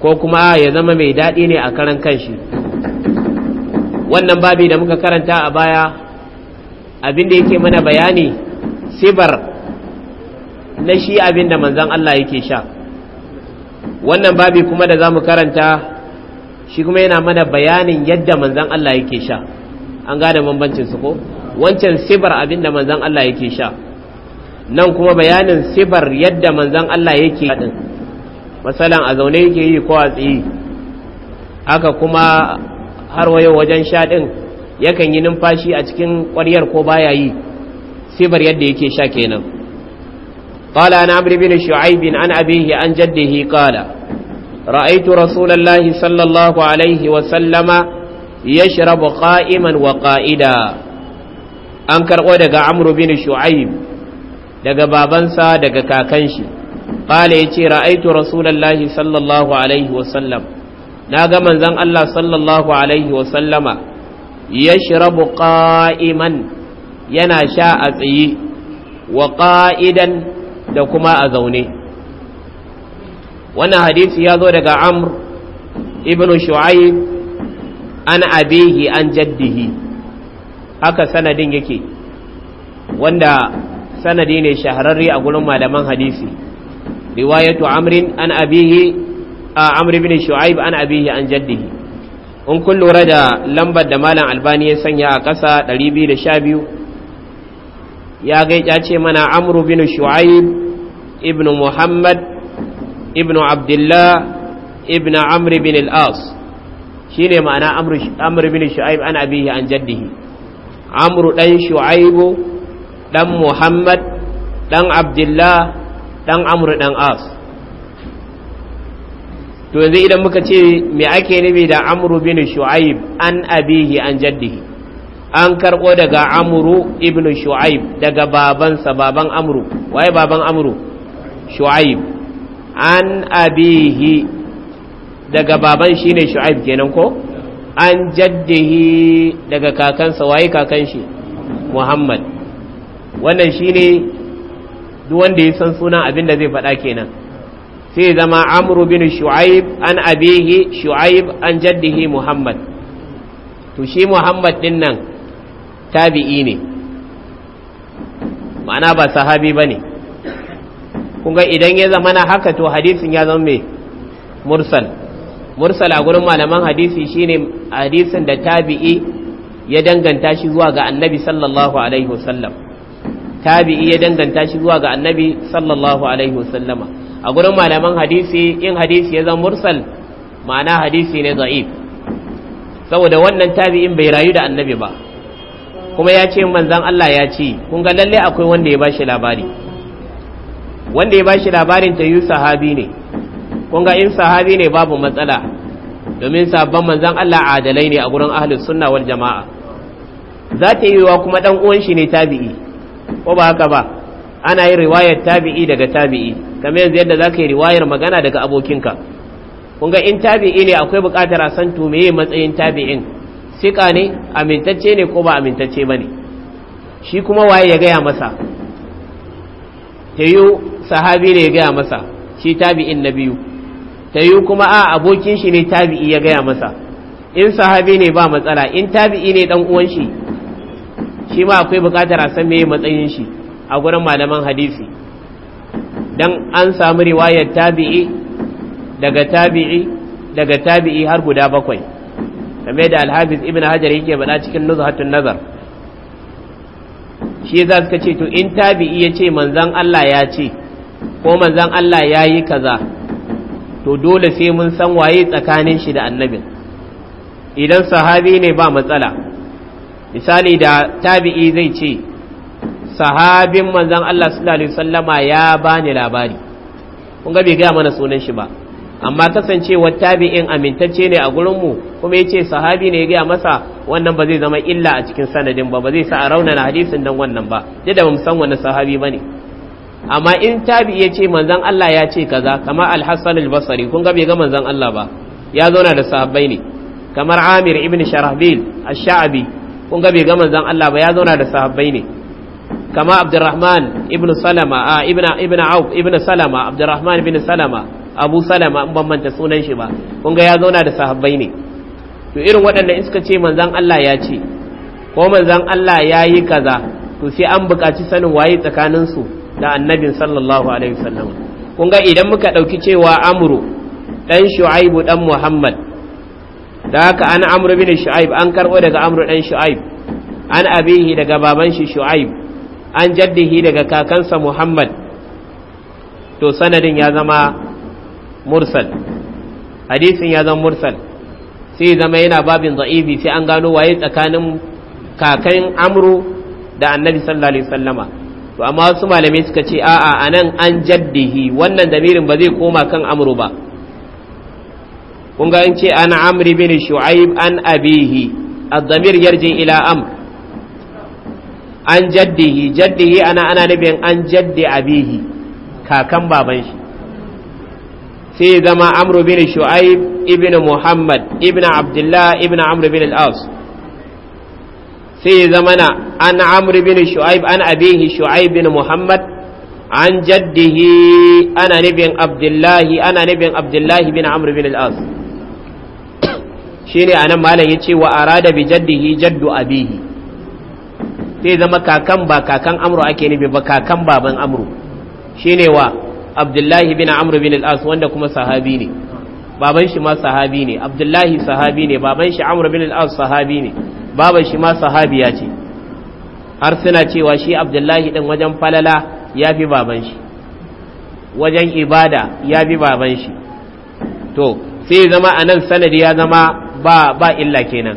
ko kuma ya zama mai daɗi ne a karan kanshi wannan babi da muka karanta a baya abinda yake mana bayani sibar na shi abinda manzan Allah yake sha wannan babi kuma da za mu karanta shi kuma yana mana bayanin yadda manzan Allah yake sha an gane bambancin su ko wancan sibar abinda manzan Allah yake sha nan kuma bayanin sifar yadda manzan Allah yake haɗin matsalan a zaune yake yi ko a tsaye haka kuma har wayo wajen shaɗin ɗin yakan yi numfashi a cikin ƙwaryar ko baya yi sifar yadda yake sha kenan قال عن bin an شعيب عن an عن جده قال رأيت رسول الله صلى الله ya shirabu يشرب wa ƙa'ida. an karɓo daga amru bin shu'aib daga babansa daga kakan shi ya yace ra'aitu rasulullahi sallallahu alaihi wasallam naga manzon Allah sallallahu alaihi wasallama yashrabu qa'iman yana sha a tsaye wa ƙa'idan da kuma a zaune wannan hadisi ya zo daga amr ibn shu'aib an abihi an jaddihi haka sanadin yake wanda sanadi ne shahararri a gurin malaman hadisi riwayatu amrin an abihi a amr ibn shu'aib an abihi an jaddihi in kun lura da lambar da malam albani ya sanya a ƙasa 212 ya gai ya ce mana amr ibn shu'aib ibn muhammad ibn abdullah ibn amr ibn al-as shine ma'ana amr ibn shu'aib an abihi an jaddihi amr dan shu'aibu ɗan muhammad ɗan abdullah ɗan amur ɗan as to yanzu idan muka ce me ake nufi da amru bin shu'aib an abihi an jaddihi an karɓo daga amru ibn shu'aib daga babansa baban amru waye baban amru shu'aib an abihi daga baban shine shu'aib kenan ko an jaddihi daga kakansa waye kakan shi muhammad wannan shi ne duwanda ya san sunan abin da zai faɗa kenan sai zama amuru bin shu'aib an abihi shu'aib an jaddihi muhammad to shi muhammad din nan tabi'i ne ma'ana ba sahabi ba ne kunga idan ya zama na haka to hadisin ya zama mai mursal mursal a gurin malaman hadisi shine hadisin da tabi'i ya danganta shi zuwa ga annabi sallallahu alaihi wasallam tabi'i ya danganta shi zuwa ga annabi sallallahu alaihi wasallama a gurin malaman hadisi in hadisi ya zama mursal ma'ana hadisi ne za'if saboda wannan tabi'in bai rayu da annabi ba kuma ya ce manzan Allah ya ce kun ga lalle akwai wanda ya bashi labari wanda ya bashi labarin ta yi sahabi ne kun ga in sahabi ne babu matsala domin sabon manzan Allah adalai ne a gurin ahlus sunna wal jama'a za ta yi wa kuma dan uwan shi ne tabi'i ko ba haka ba ana yin riwayar tabi'i daga tabi'i kamar yanzu yadda za ka yi riwayar magana daga abokinka kun ga in tabi'i ne akwai buƙatar a san to meye matsayin tabi'in sika ne amintacce ne ko ba amintacce ba ne shi kuma waye ya gaya masa tayu sahabi ne ya gaya masa shi tabi'in na biyu tayu kuma a abokin shi ne tabi'i ya gaya masa in sahabi ne ba matsala in tabi'i ne dan uwan shi shi ma akwai bukatar a san meye matsayin shi a gurin malaman hadisi dan an samu riwayar tabi'i daga tabi'i daga tabi'i har guda bakwai game da alhafiz ibn hajar yake bada cikin nuzhatun nazar shi za suka ce to in tabi'i ya ce manzan Allah ya ce ko manzan Allah ya yi kaza to dole sai mun san waye tsakanin shi da annabin idan sahabi ne ba matsala misali da tabi'i zai ce sahabin manzan Allah sallallahu alaihi wasallama ya bani labari kun ga bai gaya mana sunan shi ba amma kasancewar tabi'in amintacce ne a mu kuma ya ce sahabi ne ya gaya masa wannan ba zai zama illa a cikin sanadin ba ba zai sa a raunana hadisin nan wannan ba duk da ba san wani sahabi ba ne amma in tabi'i ya ce manzan Allah ya ce kaza kamar alhassan albasari kun ga bai ga manzan Allah ba ya zauna da sahabbai ne kamar amir ibn sharahbil ash-sha'abi kun ga bai ga manzon Allah ba ya zauna da sahabbai ne kama Abdurrahman ibn Salama a ibn ibn Auf ibn Salama Abdurrahman ibn Salama Abu Salama an ban manta sunan shi ba kun ga ya zauna da sahabbai ne to irin waɗannan in suka ce manzon Allah ya ce ko manzon Allah ya yi kaza to sai an buƙaci sanin waye tsakanin su da annabin sallallahu alaihi wasallam kun ga idan muka ɗauki cewa amuru ɗan shu'aibu ɗan muhammad da haka an amru bin shu'aib an karbo daga amru dan shu'aib an abihi daga baban shi shu'aib an jaddihi daga kakansa muhammad to sanadin ya zama mursal hadisin ya zama mursal sai zama yana babin za'ibi sai an gano waye tsakanin kakan amru da annabi sallallahu alaihi wasallama to amma wasu malamai suka ce a'a anan an jaddihi wannan damirin ba zai koma kan amru ba kun ga ce an amri bin shu'aib an abihi ad-damir yarji ila amr an jaddihi jaddihi ana ana nabin an jaddi abihi kakan baban shi sai zama amru bin shu'aib ibn muhammad ibn abdullah ibn amru bin al-as sai zamana an amru bin shu'aib an abihi shu'aib bin muhammad an jaddihi ana nabin abdullahi ana nabin abdullahi bin amru bin al-as shine anan malam yace wa arada bi jaddihi jaddu abihi sai zama kakan ba kakan amru ake nufi ba kakan baban amru shine wa abdullahi bin amru bin al-as wanda kuma sahabi ne baban shi ma sahabi ne abdullahi sahabi ne baban shi amru bin al-as sahabi ne baban shi ma sahabiya ce har suna cewa shi abdullahi din wajen falala ya fi baban shi wajen ibada ya fi baban shi to sai zama anan sanadi ya zama ba illa kenan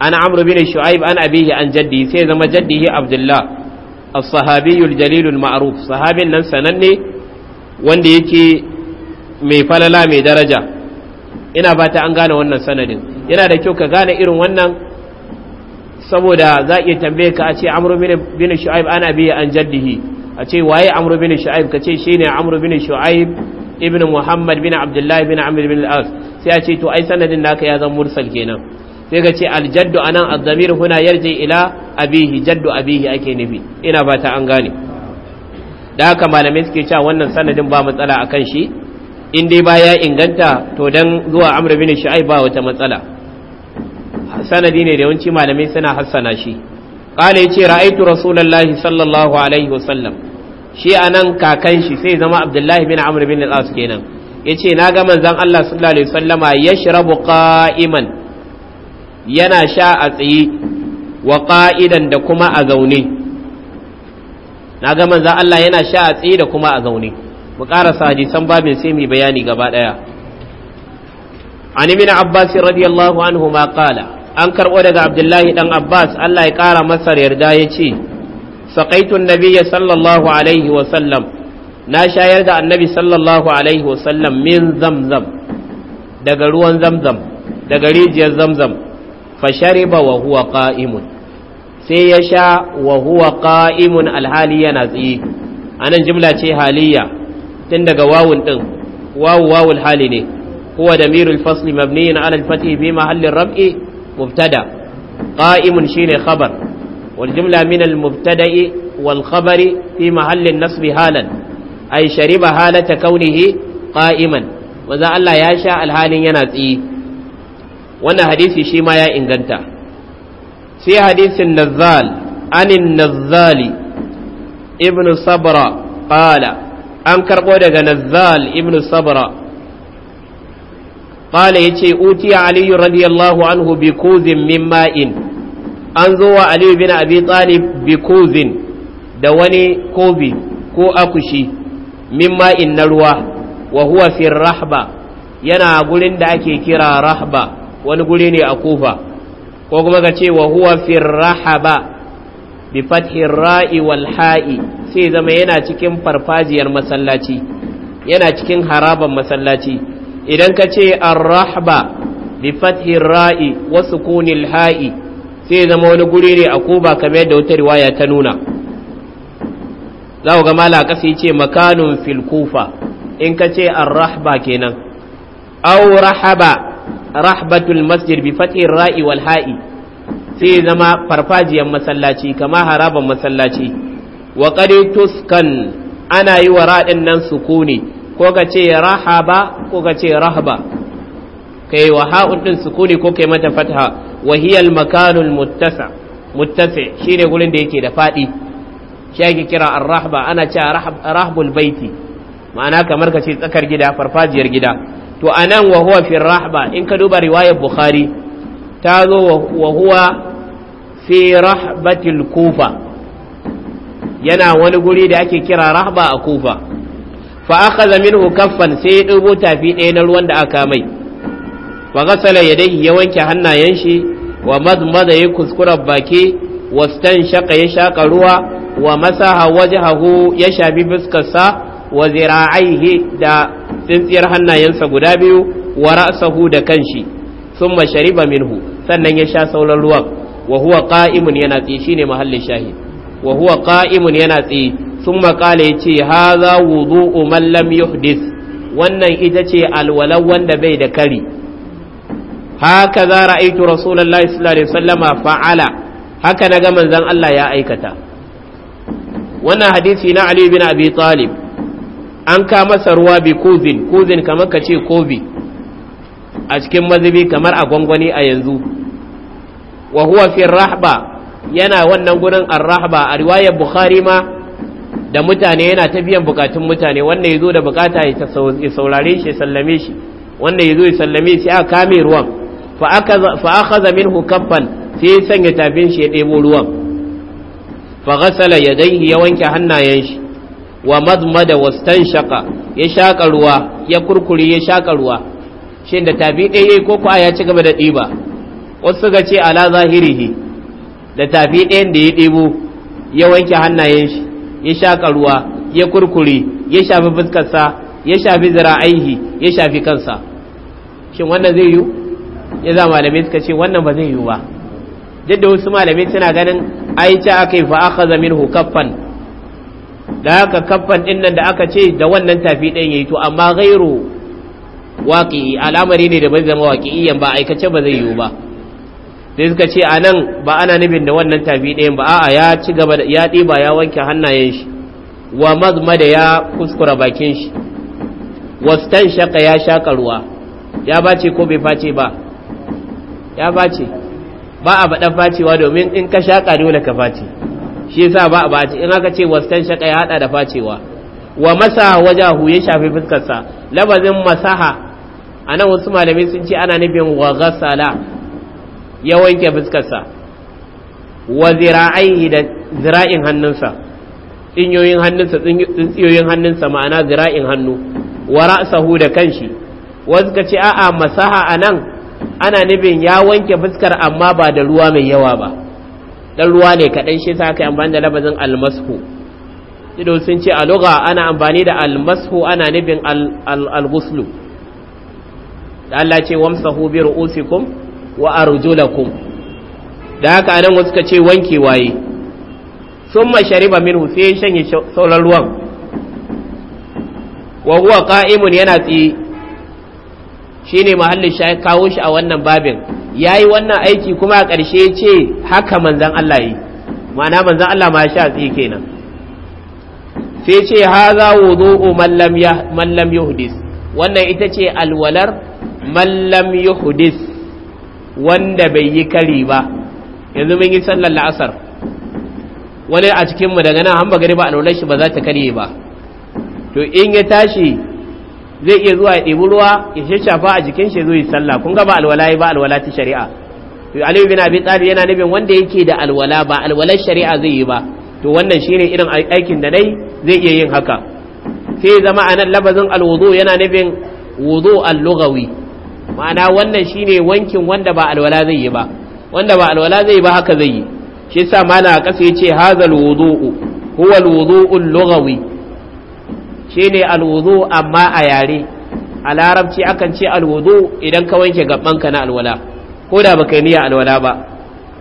ana amru bin shu'aib an abihi an jaddi sai zama jaddihi abdullah as-sahabiyul jalilul ma'ruf sahabin nan sananne wanda yake mai falala mai daraja ina fata an gane wannan sanadin yana da kyau ka gane irin wannan saboda za iya tambaye ka a ce amru bin shu'aib ana biya an jaddihi a ce waye amru bin shu'aib ka ce shine amru bin shu'aib ibn muhammad bin abdullah bin amr bin al-as sai a ce to ai sanadin naka ya zama mursal kenan sai ka ce aljaddu anan azzamir huna yarji ila abihi jaddu abihi ake nufi ina ba ta an gane da haka malamai suke cewa wannan sanadin ba matsala akan shi in dai baya inganta to dan zuwa amr bin shu'aib ba wata matsala sanadi ne da yawanci malamai suna hassana shi kala yace ra'aitu rasulullahi sallallahu alaihi wasallam shi anan kakan shi sai zama abdullahi bin amr bin al-as kenan yace na ga manzon Allah sallallahu alaihi wasallama yashrabu qa'iman yana sha a tsaye wa qa'idan da kuma a zaune na ga manzon Allah yana sha a tsaye da kuma a zaune mu karasa hadisan babin sai mu bayani gaba daya an ibn abbas radiyallahu anhu ma qala an karbo daga abdullahi dan abbas Allah ya kara masa yarda yace saqaitu an-nabiyya sallallahu alaihi wa sallam na shayar da annabi sallallahu alaihi wasallam min zamzam daga ruwan zamzam daga rijiyar zamzam fashariba wa huwa qa'imun sai ya sha wa huwa qa'imun alhali yana tsaye anan jimla ce haliya tun daga wawun din wawu wawul hali ne huwa damirul fasli mabniyin ala al bi mahallin mahalli rab'i mubtada qa'imun shine khabar wal jumla min al-mubtada'i wal khabari fi mahallin nasbi halan ai shariba halata kaunihi qa'iman manzo Allah ya sha alhalin yana tsiyi wannan hadisi shi ma ya inganta sai hadisin Nazal anin Nazali. Ibn sabra qala an karbo daga Nazal Ibn sabra qala yace uti ali radiyallahu anhu bi kuzin min ma'in an zo wa ali bina abi talib bi kuzin da wani kobi ko akushi mimma in na ruwa wa huwa fi rahba yana gurin da ake kira rahba wani guri ne a kufa ko kuma ka ce wa huwa fi rahaba bi fathin ra'i wal ha'i sai zama yana cikin farfajiyar masallaci yana cikin haraban masallaci idan ka ce ar-rahba bi fathin ra'i wa sukunil ha'i sai zama wani guri ne a kuba kamar yadda wata riwaya ta nuna za ku ga mala kasa yace makanun filkufa in ka ce ar-rahba kenan au rahaba rahbatul masjid bi fathir ra'i wal ha'i sai zama farfajiyar masallaci kama harabar masallaci wa tuskan ana yi wa nan sukuni ko ka ce rahaba ko ka ce rahaba kai wa ha'un din sukuni ko kai mata fatha wa hiya makanul muttasa muttasi shine gurin da yake da fadi shi kira ar-rahba ana a rahbul baiti ma'ana kamar ka ce tsakar gida farfajiyar gida to anan wa huwa fi rahba in ka duba riwayar bukhari ta zo wa huwa fi rahbatil kufa yana wani guri da ake kira rahba a kufa fa akhadha minhu kaffan sai ya dubo tafi ɗaya na ruwan da aka mai wa ghasala yadayhi ya wanke hannayen shi wa madmada ya kuskura baki wastan shaka ya shaka ruwa wa masaha wajhahu ya shafi fuskarsa wa zira'aihi da tsintsiyar hannayensa guda biyu wa ra'sahu da kanshi thumma shariba minhu sannan ya sha sauran ruwan wa huwa qa'imun yana tsaye shine mahallin shahid wa huwa qa'imun yana tsaye thumma qala yace hadha wudu'u man lam wannan ita ce alwala wanda bai da kari haka za ra'aitu rasulullahi sallallahu alaihi wasallama fa'ala haka naga manzon Allah ya aikata wannan hadisi na Ali bin Abi Talib an ka masa ruwa bi kuzin kuzin kamar ka ce kobi a cikin mazubi kamar a gwangwani a yanzu wa huwa fi rahba yana wannan gurin ar-rahba a riwayar Bukhari ma da mutane yana ta biyan bukatun mutane wanda yazo da bukata ya saurare shi sallame shi wanda yazo ya sallame shi a kame ruwan fa aka fa akhadha minhu kaffan sai sanya tafin shi ya debo ruwan fa ya yadayhi ya wanke hannayen shi wa madmada wastanshaka ya shaka ruwa ya kurkure ya shaka ruwa shin da tafi ɗaya yayi ko kuwa ya ci gaba da ɗiba wasu suka ce ala zahirihi da tafi ɗayan da ya ɗebo ya wanke hannayen shi ya shaka ruwa ya kurkure ya shafi fuskarsa ya shafi zira'aihi ya shafi kansa shin wannan zai yiwu ya za malamai suka ce wannan ba zai yiwu ba duk da wasu malami suna ganin ai ta aka yi fa akhadha minhu kaffan da haka kaffan din nan da aka ce da wannan tafi ɗin yayi to amma ghairu waqi'i al'amari ne da bai zama waqi'iyan ba aikace ba zai yiwu ba sai suka ce a nan ba ana nufin da wannan tafi ɗayan ba a'a ya ci gaba ya ɗiba ya wanke hannayen shi wa mazmada ya kuskura bakin shi wastan shaka ya shaka ruwa ya bace ko bai face ba ya bace ba a baɗan facewa domin in ka shaƙa dole ka face shi yasa ba a baci in aka ce wastan shaƙa ya haɗa da facewa wa waje wajahu ya shafi fuskarsa Labarin masaha anan wasu malamai sun ce ana nufin wa ghassala ya wanke fuskarsa wa zira'aihi da zira'in hannunsa tsinyoyin hannunsa tsintsiyoyin hannunsa ma'ana zira'in hannu wa ra'sahu da kanshi wasu ka ce a'a masaha anan ana nufin ya wanke fuskar amma ba da ruwa mai yawa ba dan ruwa ne kaɗan shi sa kai amfani da labazin almasku ido sun ce a lugha ana amfani da almasku ana nufin al-ghuslu da Allah ce wamsahu bi ru'usikum wa arjulakum da haka anan wasu ka ce wanke waye summa shariba min sai shanye sauran ruwan wa huwa qa'imun yana tsi Shi shine mahallin shayi kawo shi a wannan babin Ya yi wannan aiki kuma a ƙarshe ya ce haka manzan Allah yi ma'ana manzan Allah ma sha tsi kenan sai ce haza wudu'u zo'o Mallam ya wannan ita ce alwalar mallam lam wanda bai yi kari ba yanzu mun yi sallar la'asar wani a cikinmu daga nan hamba gari ba alwalar shi ba za ta kare ba to in ya tashi zai iya zuwa ya ɗebi ruwa ya shashafa a jikin shi zuwa sallah kun ga ba alwala ba alwala ta shari'a to Ali bin Abi Talib yana nufin wanda yake da alwala ba alwalar shari'a zai yi ba to wannan shine irin aikin da dai zai iya yin haka sai zama anan labazin alwudu yana nufin wudu al-lughawi ma'ana wannan shine wankin wanda ba alwala zai yi ba wanda ba alwala zai ba haka zai yi shi yasa mala kasa yace hazal wudu'u huwa al-wudu'u al-lughawi ne alwudu amma a yare a larabci akan ce alwudu idan ka wanke gabanka na alwala ko da baka niyya alwala ba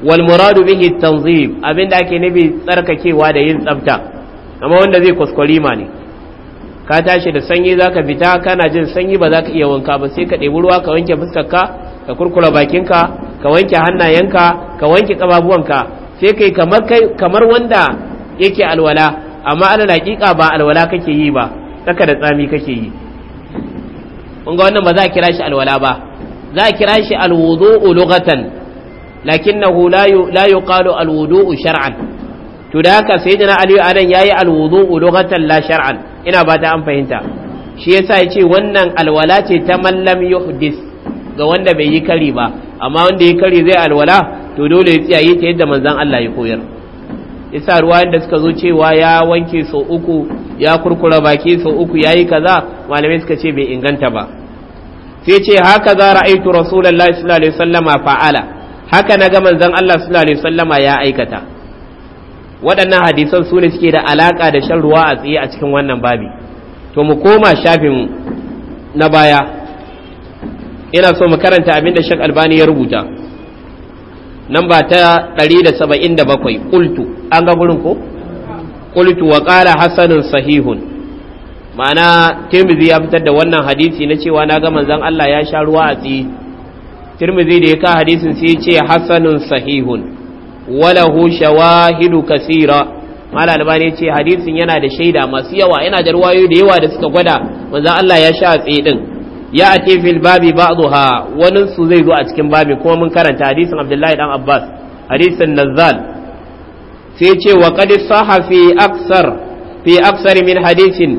wal muradu bihi tanzib abinda ake nufi tsarkakewa da yin tsafta amma wanda zai kuskure ma ne ka tashi da sanyi zaka fita kana jin sanyi ba zaka iya wanka ba sai ka ɗebi ruwa ka wanke fuskarka ka kurkura bakinka ka wanke hannayenka ka wanke kababuwanka sai kai kamar kai kamar wanda yake alwala amma alal hakika ba alwala kake yi ba tsaka da tsami kake yi kun ga wannan ba za a kira shi alwala ba za a kira shi alwudu'u lughatan na la la yuqalu alwudu'u shar'an to da haka sayyidina ali adan yayi alwudu'u lughatan la shar'an ina ba ta an fahimta shi yasa yace wannan alwala ce ta mallam yuhdis ga wanda bai yi kari ba amma wanda ya kari zai alwala to dole ya tsiyaye ta yadda manzon Allah ya koyar yasa ruwa da suka zo cewa ya wanke so uku ya kurkura baki so uku yi kaza malamai suka ce bai inganta ba sai ce haka za ra'aitu rasulullahi sallallahu alaihi wasallama fa'ala haka na ga manzon Allah sallallahu alaihi wasallama ya aikata waɗannan hadisan su ne suke da alaka da shan ruwa a tsaye a cikin wannan babi to mu koma shafin na baya ina so mu karanta abin da Sheikh Albani ya rubuta namba ta ɗari da saba'in 177 Kultu. an ga gurin ko ƙultu wa qala hasanun sahihun ma'ana tirmidhi ya fitar da wannan hadisi na cewa na ga manzon Allah ya sha ruwa a tsi tirmidhi da ya ka hadisin sai ya ce hasanun sahihun walahu shawahidu kasira mala albani ce hadisin yana da shaida masu yawa yana da ruwayoyi da yawa da suka gwada manzon Allah ya sha a tsi din ya ati fil babi ha wani su zai zo a cikin babi kuma mun karanta hadisin Abdullahi dan Abbas hadisin nazal sai ce wa qad saha fi aksar fi aksar min hadisin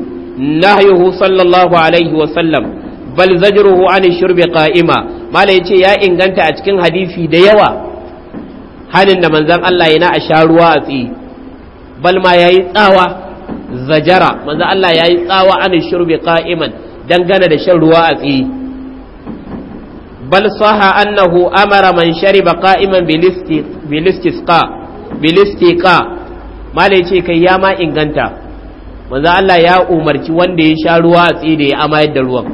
nahyuhu sallallahu alaihi wa sallam bal zajruhu an shurbi qa'ima mala yace ya inganta a cikin hadisi da yawa halin da manzon Allah yana a sha ruwa a tsi bal ma yayi tsawa zajara manzon Allah yayi tsawa an shurbi qa'iman dangane da shan ruwa a tsaye bal saha annahu amara man shariba qa'iman bilistisqa bilistiqa malai ce kai ya ma inganta manzo Allah ya umarci wanda ya sha ruwa a tsaye da ya amayar da ruwan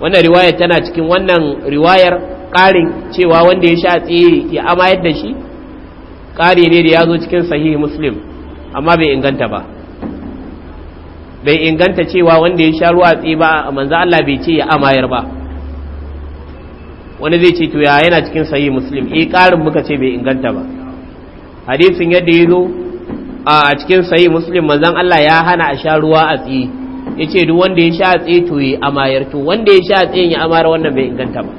wannan riwaya tana cikin wannan riwayar ƙarin cewa wanda ya sha a tsaye ya amayar da shi ƙari ne da ya zo cikin sahih muslim amma bai inganta ba bai inganta cewa wanda ya sha ruwa tsi ba manzan Allah bai ce ya amayar ba wani zai ce to ya yana cikin sayi muslim eh karin muka ce bai inganta ba hadisin yadda ya zo a cikin sayi muslim manzan Allah ya hana a sha ruwa a tsi ce duk wanda ya sha tsi to ya amayar to wanda ya sha tsi ya amayar wannan bai inganta ba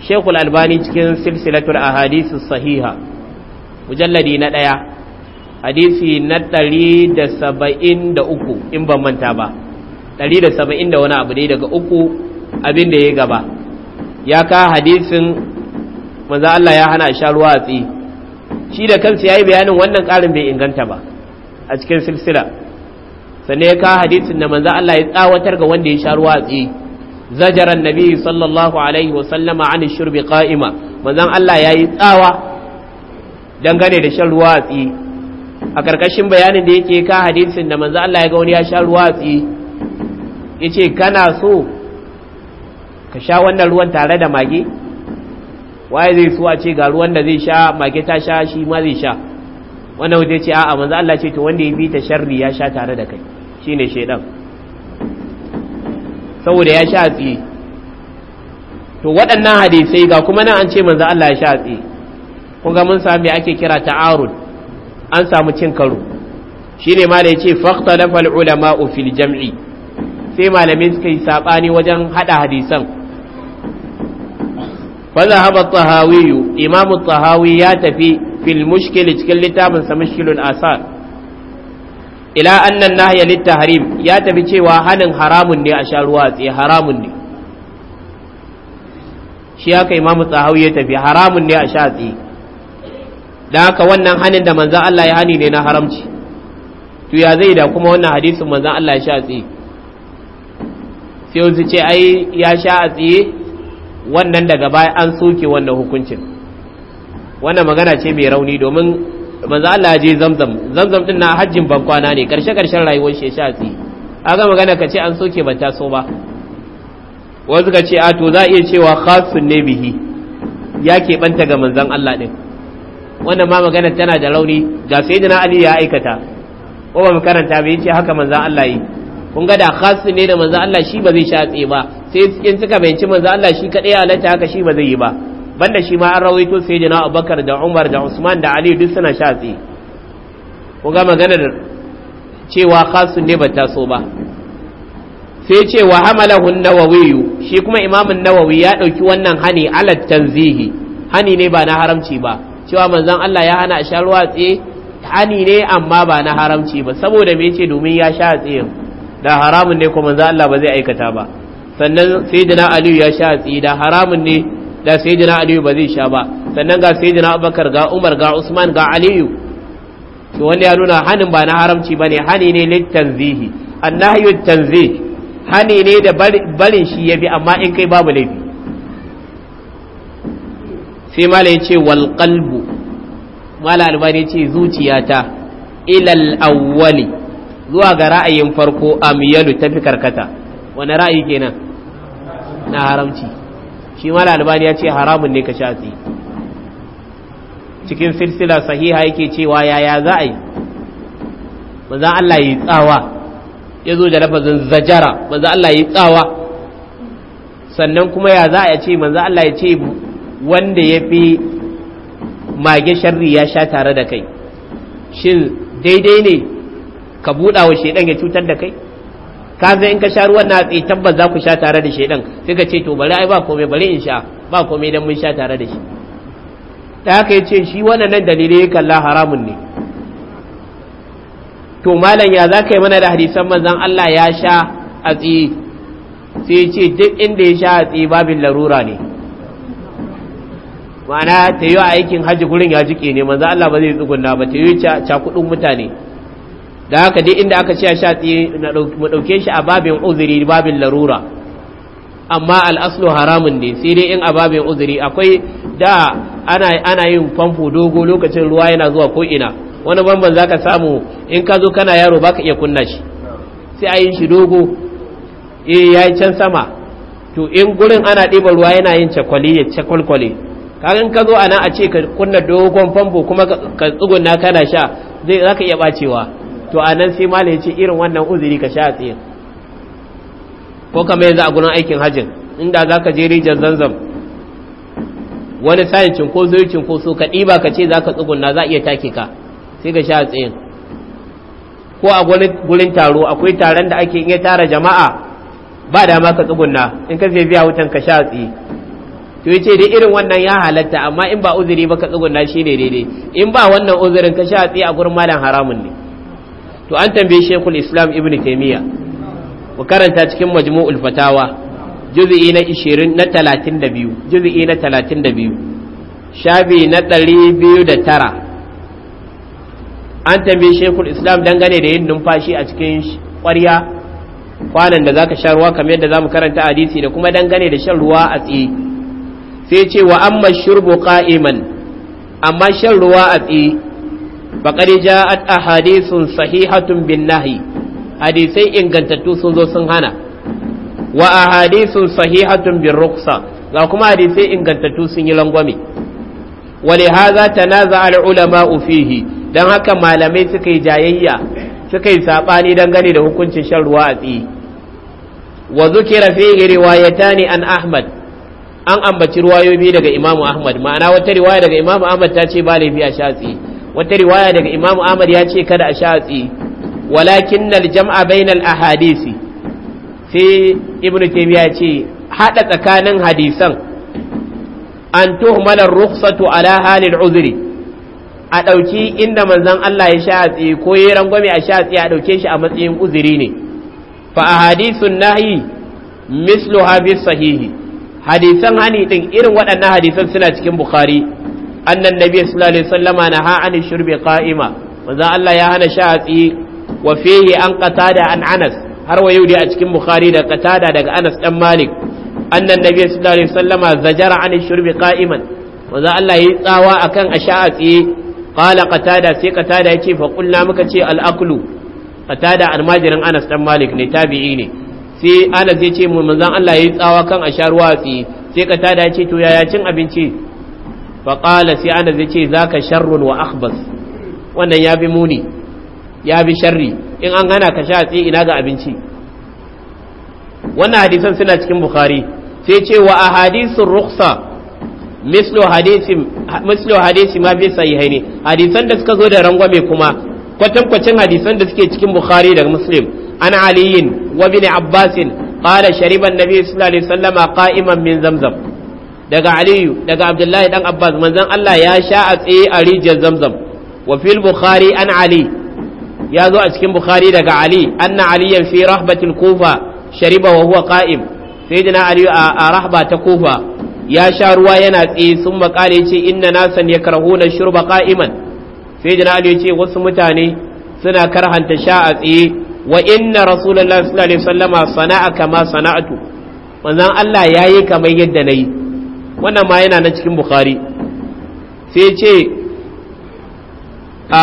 shekul Albani cikin silsilatul ahadith sahiha mujalladi na daya hadisi na ɗari da saba'in da uku in ban manta ba ɗari da saba'in da wani abu ne daga uku abin da ya gaba ya ka hadisin maza Allah ya hana sha ruwa a tsi shi da kansa yi bayanin wannan ƙarin bai inganta ba a cikin silsila sannan ya ka hadisin da maza Allah ya tsawatar ga wanda ya sha ruwa tsi zajaran nabi sallallahu alaihi wa sallama an shurbi qa'ima manzon Allah yayi tsawa dangane da shan ruwa a tsi a ƙarƙashin bayanin da yake ka hadisin da manzo Allah ya ga wani ya sha ruwa ya ce kana so ka sha wannan ruwan tare da mage waye zai so a ce ga ruwan da zai sha mage ta sha shi ma zai sha wannan waje ce a'a manzo Allah ce to wanda ya bi ta sharri ya sha tare da kai shi ne shaidan. saboda ya sha tsaye to waɗannan hadisai ga kuma nan an ce manzo Allah ya sha tsaye kun ga mun sami ake kira ta'arud an samu cin karo shine ma da na fal’ula ulama fil jam'i sai malamin suka yi saɓani wajen hada hadisan fa haɓar tsahawiyu imamu tsahawi ya tafi fil mushkil cikin littafin sa mushkilul asar ila anna nahya litta harim ya tafi cewa hannun haramun ne a sha ruwa tsaye haramun ne shi haka imamu tsahawi ya tafi haramun ne a sha tsaye da haka wannan hanin da manzan Allah ya hani ne na haramci to ya zai da kuma wannan hadisin manzan Allah ya sha a tsaye sai wasu ce ai ya sha a tsaye wannan daga baya an soke wannan hukuncin wannan magana ce mai rauni domin manzan Allah ya je zamzam zamzam din na hajjin bankwana ne karshe karshen rayuwar shi ya sha a tsaye A ga magana ka ce an soke ban taso ba wasu ka ce a to za a iya cewa khasun ne bihi ya keɓanta ga manzan Allah ɗin wannan ma magana tana da rauni ga sayyidina ali ya aikata ko ba karanta bai ce haka manzon Allah yi kun ga da khasu ne da manzon Allah shi ba zai sha tsaye ba sai cikin suka ci manzon Allah shi kadai lata haka shi ba zai yi ba banda shi ma an rawaito sayyidina Abubakar da Umar da Usman da Ali duk suna sha tsaye kun ga maganar cewa khasu ne ba ta so ba sai ce wa hamalahun nawawiyu shi kuma Imamin nawawi ya ɗauki wannan hani alal tanzihi hani ne ba na haramci ba cewa manzon Allah ya hana a sha ruwa tsaye hani ne amma ba na haramci ba saboda me yace domin ya sha tsaye da haramun ne kuma manzon Allah ba zai aikata ba sannan sayyidina Ali ya sha tsaye da haramun ne da sayyidina Ali ba zai sha ba sannan ga sayyidina Abubakar ga Umar ga Usman ga Ali to wanda ya nuna hanin ba na haramci bane hani ne littanzihi annahyu tanzih hani ne da barin shi yafi amma in kai babu laifi sai mala yace wal qalbu mala albani yace zuciyata ilal awwali zuwa ga ra'ayin farko amyalu tafi karkata wani ra'ayi kenan na haramci shi mala albani yace haramun ne ka sha tsi cikin silsila sahiha yake cewa yaya za a yi manzan Allah yi tsawa ya zo da lafazin zajara manzan Allah yi tsawa sannan kuma ya za a ce manzo Allah ya ce wanda ya fi mage sharri ya sha tare da kai shin daidai ne ka buɗa wa shaidan ya cutar da kai ka zai in ka sha ruwan na tsaye tabbas za ku sha tare da shaidan sai ka ce to bari ai ba komai bari in sha ba komai don mun sha tare da shi da haka ya ce shi wannan dalilai ya kalla haramun ne to malam ya za ka yi mana da hadisan manzan Allah ya sha a tsaye sai ce duk inda ya sha a tsaye babin larura ne ma'ana ta yi aikin hajji gurin ya jike ne manzo Allah ba zai tsugunna ba ta yi ca kudin mutane da haka dai inda aka ce a na mu dauke shi a babin uzuri babin larura amma aslu haramun ne sai dai in a babin uzuri akwai da ana yin famfo dogo lokacin ruwa yana zuwa ko ina wani bamban zaka samu in ka zo kana yaro baka iya kunna shi sai a yi shi dogo eh yayi can sama to in gurin ana ɗiba ruwa yana yin cakwali ya cakwalkwale kagan ka zo ana a ce ka kunna dogon famfo kuma ka tsugunna kana sha zai za ka iya bacewa to a nan sai mala ya ce irin wannan uzuri ka sha tsaye ko kama yanzu a gurin aikin hajjin inda za ka je rijiyar zanzam wani sayin cinko zoyi cinko so ka ɗiba ka ce za ka tsugunna za a iya take ka sai ka sha tsaye ko a gurin taro akwai taron da ake iya tara jama'a ba dama ka tsugunna in ka zai biya wutan ka sha tsaye to yace dai irin wannan ya halatta amma in ba uzuri ba ka tsugunna shine daidai in ba wannan uzurin ka sha tsi a gurin malam haramun ne to an tambaye Sheikhul Islam Ibn taymiya ku karanta cikin Majmu'ul Fatawa juz'i na 20 na 32 juz'i na 32 shabi na 209 an tambaye Sheikhul Islam dangane da yin numfashi a cikin ƙwarya kwanan da zaka sha ruwa kamar yadda zamu karanta hadisi da kuma dangane da shan ruwa a tsi sai ce wa amma shurbu qa'iman amma shan ruwa a tsaye faqad ja'at ahadithun sahihatun bin nahi hadisai ingantattu sun zo sun hana wa ahadithun sahihatun bin ruksa ga kuma hadisai ingantattu sun yi langwame wa li hadha tanaza'a al ulama ufihi dan haka malamai suka yi jayayya suka yi sabani dangane da hukuncin shan ruwa a tsaye wa zukira fihi riwayatani an ahmad an ambaci ruwayoyi daga imamu ahmad ma'ana wata riwaya daga imamu ahmad ta ce ba laifi a shatsi wata riwaya daga imamu ahmad ya ce kada a shatsi walakin nal jam'a bainal ahadisi sai ibnu ya ce hada tsakanin hadisan an tuhmala rukhsatu ala halil uzri a ɗauki inda manzon Allah ya shatsi ko yayin rangwame a shatsi a ɗauke shi a matsayin uzuri ne fa a ahadithun nahyi mislu bis sahihi hadisan hani din irin waɗannan hadisan suna cikin bukhari annan nabi sallallahu alaihi wasallama ha an shurbi qa'ima manzo Allah ya hana sha hatsi wa fihi an qatada an anas har wa yau a cikin bukhari da qatada daga anas dan malik annan nabi sallallahu alaihi wasallama zajara an shurbi qa'iman manzo Allah yi tsawa akan a sha hatsi qala qatada sai qatada yace fa qulna muka ce al aklu qatada almajirin anas dan malik ne tabi'i ne sai ana zai ce mu manzan Allah ya yi tsawa kan a sha ruwa sai ka tada ce to yaya cin abinci qala sai ana zai ce za sharrun wa akhbas wannan ya bi muni ya bi sharri in an hana ka sha tsi ina ga abinci wannan hadisan suna cikin bukhari sai ce wa ahadisun ruksa mislu hadisi ma fi sahihaini hadisan da suka zo da rangwame kuma kwatankwacin hadisan da suke cikin bukhari da muslim an aliyin wa bin abbasin qala shariban nabi sallallahu alaihi wasallam qa'iman min zamzam daga aliyu daga abdullahi dan abbas manzon Allah ya sha a tsaye a rijiyar zamzam wa fil bukhari ali ya zo a cikin bukhari daga ali anna aliyan fi rahbatil kufa shariba wa huwa qa'im sayyidina ali a rahba ta kufa ya sha ruwa yana tsaye sun makale ce inna nasan ya karhuna shurba qa'iman sai jina ali ce wasu mutane suna karhanta sha a tsaye wa inna rasulullahi sallallahu alaihi wasallama sana'a kama sana'atu manzon Allah yayi kamar yadda nayi wannan ma yana nan cikin bukhari sai ce a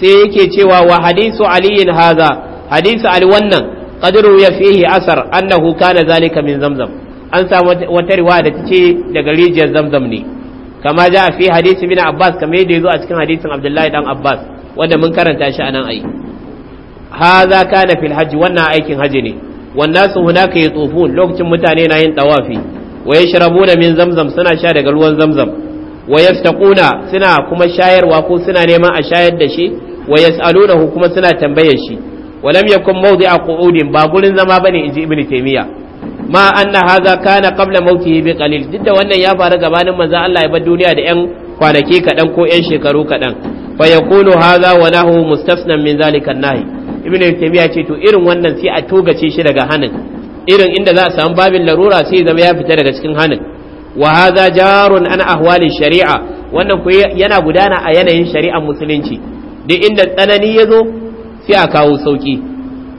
sai yake cewa wa hadisu aliyin haza hadisu ali wannan qadru ya fihi asar annahu kana zalika min zamzam an samu wata riwaya da tace daga rijiyar zamzam ne kama ja fi hadisi bin abbas kamar yadda yazo a cikin hadisin abdullahi dan abbas wanda mun karanta shi anan ai ka na fil haji wannan aikin haji ne wannan su hunaka tsofu lokacin mutane na yin tawafi wa da min zamzam suna sha daga ruwan zamzam wa taƙuna suna kuma shayarwa ko suna neman a shayar da shi wa yasalunahu kuma suna tambayar shi walam yakun mawdi'a qu'udin ba gurin zama ba bane inji ibnu taymiya ma anna haza kana qabla mawtihi bi qalil duk da wannan ya faru gabanin manzo Allah ya bar duniya da yan kwanaki kaɗan ko 'yan shekaru kaɗan fa ya kulu haza wa nahu mustasnan min zalikan nahi ibn taymiya ce to irin wannan sai a togace shi daga hanin irin inda za a samu babin larura sai zama ya fita daga cikin hanin wa haza jarun an ahwali shari'a wannan ku yana gudana a yanayin shari'ar musulunci duk inda tsanani ya zo sai a kawo sauki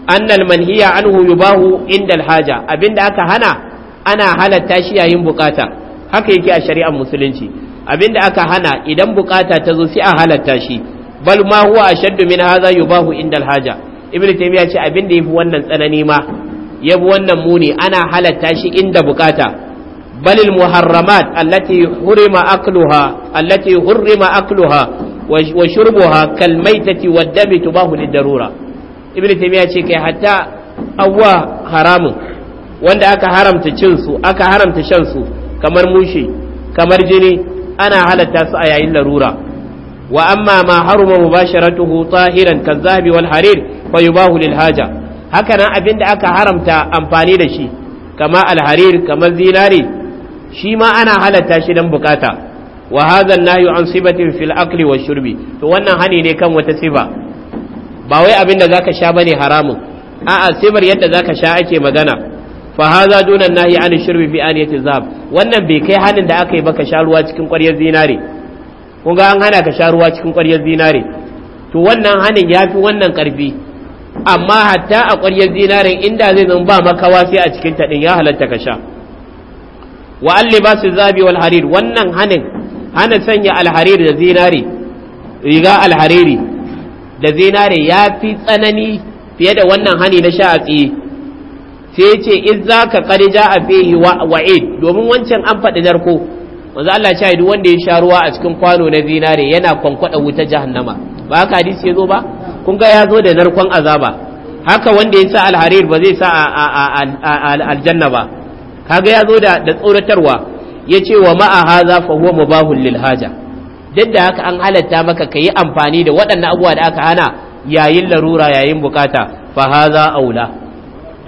annal manhiya anhu yubahu inda alhaja abinda aka hana ana halatta shi yayin bukata haka yake a shari'ar musulunci abinda aka hana idan bukata ta zo sai a halatta shi bal ma huwa ashaddu min hadha yubahu inda alhaja ibnu taymiya ce abinda yafi wannan tsanani ma yafi wannan muni ana halatta shi inda bukata balil muharramat allati hurima akluha allati hurima akluha wa shurbuha kal maitati wad dami tubahu lid darura ibnu taymiya ce kai hatta awwa haramun wanda aka haramta cin su aka haramta shan su kamar mushi kamar jini ana halatta su a yayin larura wa amma ma haruma mubasharatuhu tahiran kan zahabi wal harir fa yubahu lil haja haka nan abin da aka haramta amfani da shi kama al harir kamar zinari shi ma ana halatta shi dan bukata wa hadha nahyu an sibatin fil akli wa shurbi to wannan hani ne kan wata siba ba wai abin da zaka sha bane haramun a'a sibar yadda zaka sha ake magana fa haza duna nahi an shirbi fi aniyati zab wannan bai kai halin da aka yi baka sha cikin ƙwaryar zinare kun ga an hana ka sha ruwa cikin ƙwaryar zinare to wannan hanin fi wannan karfi amma hatta a ƙwaryar zinare inda zai zama ba makawa sai a cikin ta din ya halatta ka sha wa ba libasu zabi wal harir wannan hanin hana sanya alhariri da zinare riga alhariri da zinare ya fi tsanani fiye da wannan hani na sha a tsaye sai ya ce in za ka ja a fihi wa'id domin wancan an faɗi narko wanzu Allah sha duk wanda ya sha ruwa a cikin kwano na zinare yana kwankwada wuta jahannama ba haka hadisi ya zo ba kun ga ya zo da narkon azaba haka wanda ya sa alharir ba zai sa aljanna ba kaga ya zo da tsoratarwa ya ce wa ma'a haza fa huwa mubahul lil haja duk da haka an halatta maka ka yi amfani da waɗannan abubuwa da aka hana yayin larura yayin bukata fa haza aula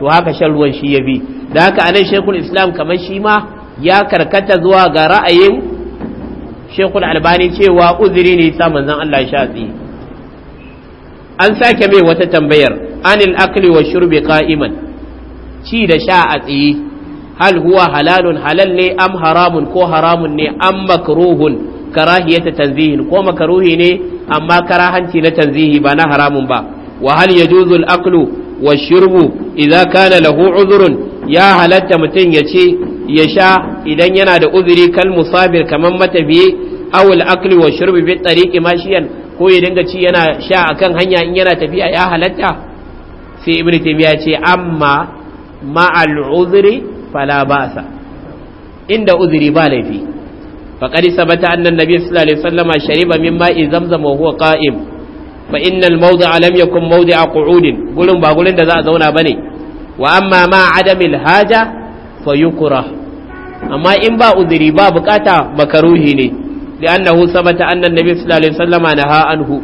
to haka shan ruwan shi ya bi da haka anan shekul islam kamar shi ma ya karkata zuwa ga ra'ayin shekul albani cewa uzuri ne sa manzon Allah sha tsaye. an sake mai wata tambayar anil akli wa shurbi qa'iman ci da sha a tsaye. hal huwa halalun halal ne am haramun ko haramun ne am makruhun karahiyata tanzihin ko makaruhi ne amma karahanci na tanzihi ba na haramun ba wa hal yajuzu al-aklu wa shirbu idza kana lahu uzrun ya halatta mutum ya ce ya sha idan yana da uziri kal musafir kaman matafiye awul akli wa shirbi bi tariqi mashiyan ko ya dinga ci yana sha a kan hanya in yana tafiya ya halatta sai ibnu taymiya ce amma ma'al uzri fala ba'sa inda uzuri ba laifi faqad annan anna an-nabiy sallallahu alaihi wasallama shariba min ma'i zamzam wa huwa ka'im. fa innal mawdi'a lam yakun mawdi'a qu'udin gurin ba gurin da za a zauna bane wa amma ma adamil haja fa yukra amma in ba udiri ba bukata makaruhi ne li'annahu sabata anna annabi sallallahu alaihi wasallama naha anhu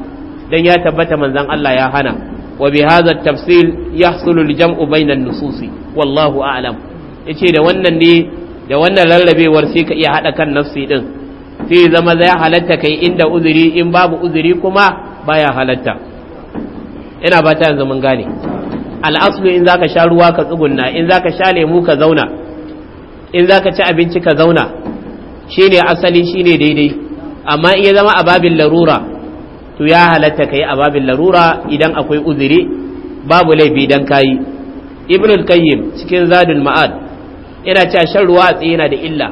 dan ya tabbata manzon Allah ya hana wa bi hadha at-tafsil yahsulu al-jam'u bayna an-nususi wallahu a'lam yace da wannan ne da wannan rarrabewar sai ka iya hada kan nafsi din sai zama zai halatta kai inda uzuri in babu uzuri kuma baya halatta ina ba ta yanzu mun gane al'aslu in zaka sha ruwa ka tsugunna in zaka sha lemu ka zauna in zaka ci abinci ka zauna shine asali shine daidai amma in ya zama ababin larura to ya halatta kai ababin larura idan akwai uzuri babu laifi dan kayi ibnu al-qayyim cikin zadul ma'ad yana cewa shan ruwa a tsaye da illa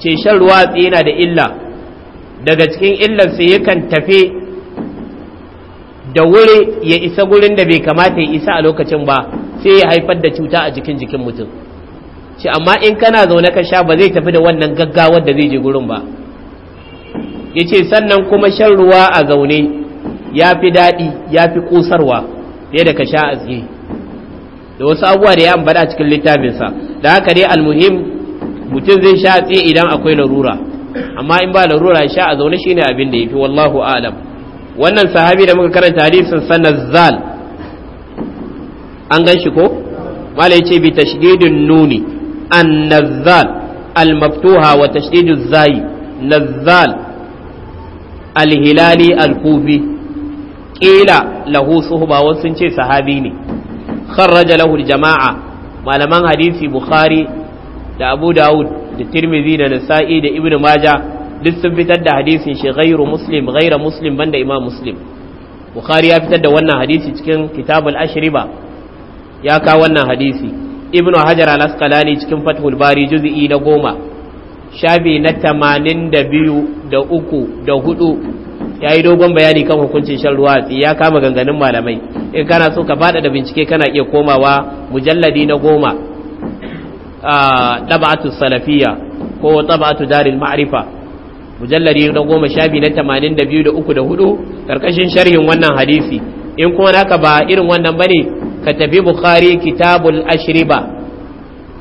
ce shan ruwa a da illa daga cikin illarsa yakan tafi da wuri ya isa gurin da bai kamata ya isa a lokacin ba sai ya haifar da cuta a jikin jikin mutum ce amma in kana zaune ka sha ba zai tafi da wannan gaggawa da zai je gurin ba ya ce sannan kuma shan ruwa a zaune ya fi daɗi ya fi ƙusarwa fiye da ka sha a tsaye da wasu abubuwa da ya ambata cikin littafinsa da haka dai almuhim mutum zai sha a tsaye idan akwai larura amma in ba larura sha a zaune shine abin da yafi wallahu alam wannan sahabi da muka karanta hadisin sanar an an ganshi ko mala yace bi tashdidin nuni an nazal al maftuha wa tashdidu zai nazal al hilali al kila lahu suhba wasu sun ce sahabi ne kharraja lahu jama'a malaman hadisi bukhari da abu daud da tirmidhi da nasa'i da ibnu maja duk sun fitar da hadisin shi ghairu muslim ghaira muslim banda imam muslim bukhari ya fitar da wannan hadisi cikin kitabul ashriba ya ka wannan hadisi Ibn hajar al-asqalani cikin fathul bari juz'i na goma shafi na tamanin da biyu da uku da hudu ya yi dogon bayani kan hukuncin shan ruwa ya kama ganganin malamai in kana so ka fada da bincike kana iya komawa mujalladi na goma ɗaba'atu salafiya ko ɗaba'atu darin ma'arifa mujallari na goma sha biyu na tamanin da biyu da uku da hudu ƙarƙashin sharhin wannan hadisi in kuma naka ba irin wannan bane ka tafi bukhari kitabul ashriba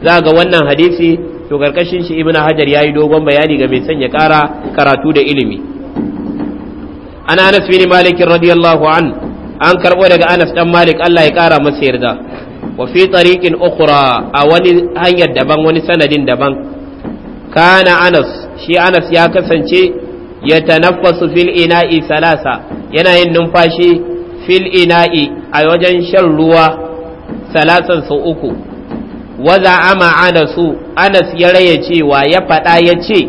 za ga wannan hadisi to ƙarƙashin shi ibn hajar ya yi dogon bayani ga mai sanya ƙara karatu da ilimi an anas bin malik radiyallahu an an karɓo daga anas dan malik allah ya ƙara masa yarda wa fi tariqin ukhra a wani hanyar daban wani sanadin daban kana anas shi anas ya kasance ya tanaffasu fil ina'i salasa yana yin numfashi fil ina'i a wajen shan ruwa salasan su uku waza ama anasu anas ya raya cewa ya faɗa ya ce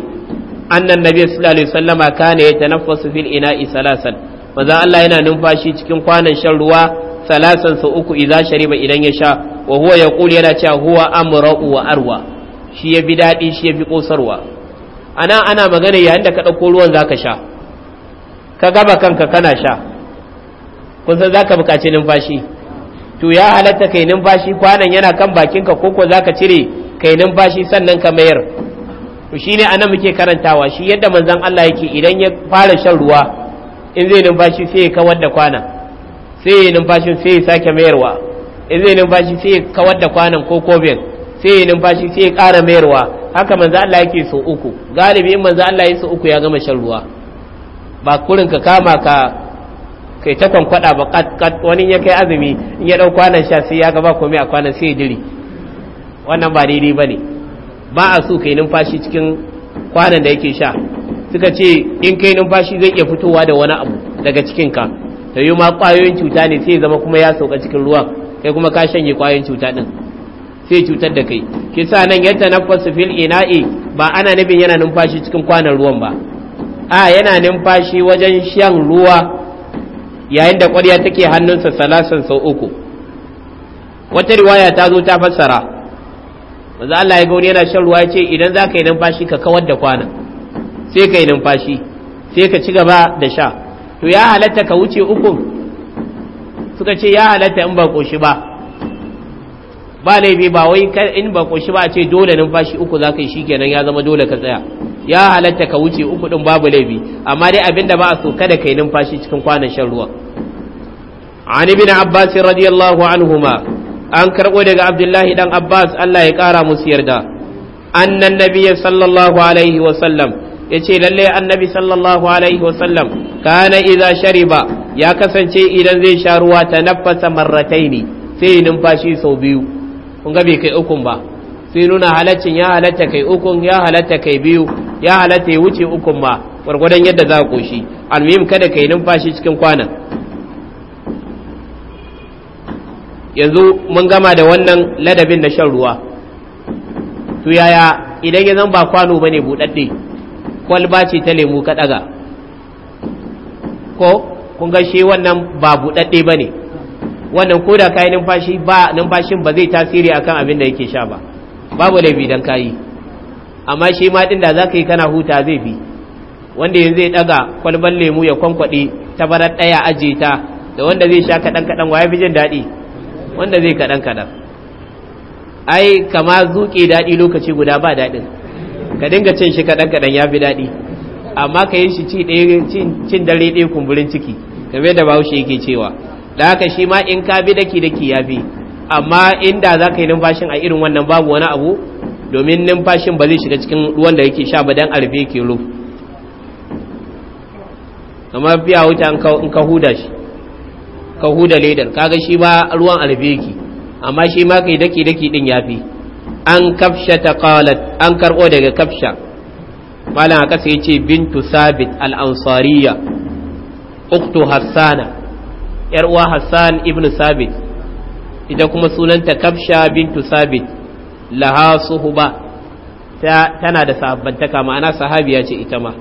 annan sallallahu alaihi wasallama kana ya tanaffasu fil ina'i salasan maza Allah yana numfashi cikin kwanan shan ruwa salasan sau uku idza shariba idan ya sha wa huwa yaqul yana cewa huwa amra'u wa arwa shi ya bi daɗi shi ya fi kosarwa ana ana magana yayin da ka ɗauko ruwan zaka sha ka gaba kanka kana sha kun san zaka buƙaci numfashi to ya halatta kai numfashi kwanan yana kan bakinka koko zaka cire kai numfashi sannan ka mayar to shine anan muke karantawa shi yadda manzon Allah yake idan ya fara shan ruwa in zai numfashi sai ya kawar da kwana sai yi numfashin sai sake mayarwa in zai numfashi sai kawar da kwanan ko kofin sai yi numfashi sai kara mayarwa haka manzo Allah yake so uku galibi in manzo Allah ya so uku ya gama shan ruwa ba kurin ka kama ka kai ta kwankwada ba kat wani ya kai azumi in ya dau kwanan sha sai ya ga ba komai a kwanan sai ya diri wannan ba daidai bane ba a so kai numfashi cikin kwanan da yake sha suka ce in kai numfashi zai iya fitowa da wani abu daga cikin ka ta yi ma kwayoyin cuta ne sai zama kuma ya sauka cikin ruwan kai kuma ka shanye kwayoyin cuta din sai cutar da kai kisa nan yadda nafasa fil ina'i ba ana nufin yana numfashi cikin kwanan ruwan ba a yana numfashi wajen shan ruwa yayin da ƙwarya take hannunsa salasan sau uku wata riwaya ta zo ta fassara maza Allah ya gauri yana shan ruwa ya ce idan za ka yi numfashi ka kawar da kwanan sai ka yi numfashi sai ka ci gaba da sha to ya halatta ka wuce uku suka ce ya halatta in ba koshi ba ba laifi ba wai in ba koshi ba a ce dole numfashi uku za ka yi ya zama dole ka tsaya ya halatta ka wuce uku din babu laifi amma dai abinda ba a so kada kai numfashi cikin kwanan shan ruwa an ibn abbas radiyallahu anhuma an karbo daga abdullahi dan abbas Allah ya kara musu yarda annan nabiyyi sallallahu alaihi wa sallam yace lalle annabi sallallahu alaihi wasallam kana idza shariba ya kasance idan zai sha ruwa Ta tanaffasa marrataini sai numfashi sau biyu kun ga bai kai ukun ba sai nuna halaccin ya halatta kai ukun ya halatta kai biyu ya halatta ya wuce ukun ma gwargwadon yadda za ka koshi almuhim kada kai numfashi cikin kwanan yanzu mun gama da wannan ladabin na shan ruwa to yaya idan ya zan ba kwano bane budadde kwalba ce ta lemu ka ɗaga ko kun ga shi wannan ba buɗaɗɗe ba ne wannan ko da kayi numfashi ba numfashin ba zai tasiri akan abin da yake sha ba babu laifi dan kayi amma shi ma ɗin da za ka yi kana huta zai bi wanda yanzu zai daga kwalban lemu ya kwankwade tabarar ɗaya aje ta da wanda zai sha kaɗan kaɗan wa ya fi jin daɗi wanda zai kaɗan kaɗan ai kama zuƙe daɗi lokaci guda ba daɗin. ka dinga cin shi kaɗan kaɗan ya fi daɗi amma ka yi shi cin dare ɗaya kumburin ciki game da bahaushe yake cewa da haka shi ma in ka bi daki daki ya fi amma inda za ka yi numfashin a irin wannan babu wani abu domin numfashin ba zai shiga cikin ruwan da yake sha ba dan arfe ke ru kamar biya wuta in ka huda shi ka huda ledar kaga shi ba ruwan arfe yake amma shi ma yi daki daki din ya fi. an kafsha ta qalat an karbo daga kafsha malam aka sai ce bintu sabit al-ansariya uktu hassana yar uwa hassan ibnu sabit ita kuma sunanta kafsha bintu sabit laha suhuba tana da sahabbantaka ma'ana sahabiya ce ita ma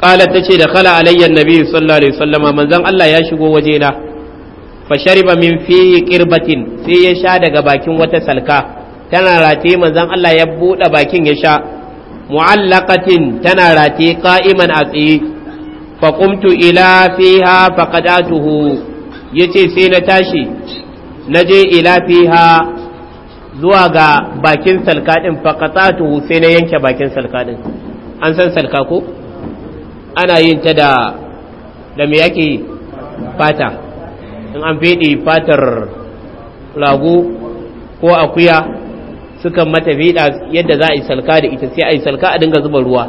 qalat tace da khala alayya nabi sallallahu alaihi wasallama manzon Allah ya shigo wajena fa shariba min fi ƙirbatin, sai ya sha daga bakin wata salka tana rati manzan Allah ya buɗe bakin ya sha mu'allaqatin tana rati qa'iman a tsaye fa qumtu ila fiha faqadatuhu yace sai na tashi naje ila fiha zuwa ga bakin salka din faqatatuhu sai na yanke bakin salka din an san salka ko ana yin ta da da me yake fata in an fede fatar lagu ko akuya sukan mata fiɗa yadda za a yi salka da ita sai a yi salka a dinga zuba ruwa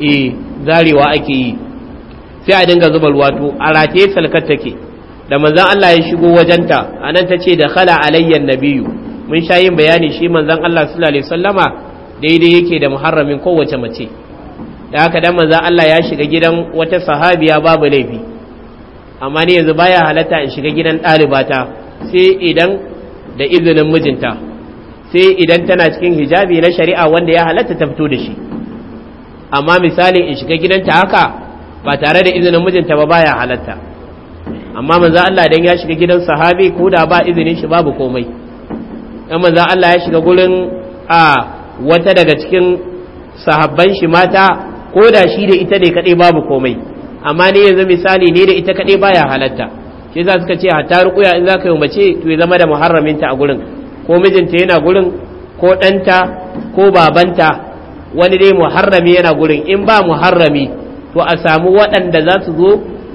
e zarewa ake yi sai a dinga zuba ruwa to a rataye salkar take da manzan Allah ya shigo wajenta a nan ta ce da khala alayyan nabiyu mun sha yin bayani shi manzan Allah sallallahu alaihi wasallama daidai yake da muharramin kowace mace da haka dan manzan Allah ya shiga gidan wata sahabiya babu laifi amma ne yanzu baya halatta in shiga gidan ɗalibata sai idan da izinin mijinta sai idan tana cikin hijabi na shari'a wanda ya halatta ta fito da shi amma misali in shiga gidanta haka ba tare da izinin mijinta ba baya halatta amma manzo Allah dan ya shiga gidan sahabi ko da ba izinin shi babu komai dan manzo Allah ya shiga gurin a wata daga cikin sahabban shi mata ko da shi da ita ne kadai babu komai amma ne yanzu misali ne da ita kadai baya halatta shi za suka ce hatta rukuya in zaka ka yi mace to ya zama da muharraminta a gurin ko mijinta yana gurin ko ɗanta ko babanta wani dai muharrami yana gurin in ba muharrami to a samu waɗanda za su zo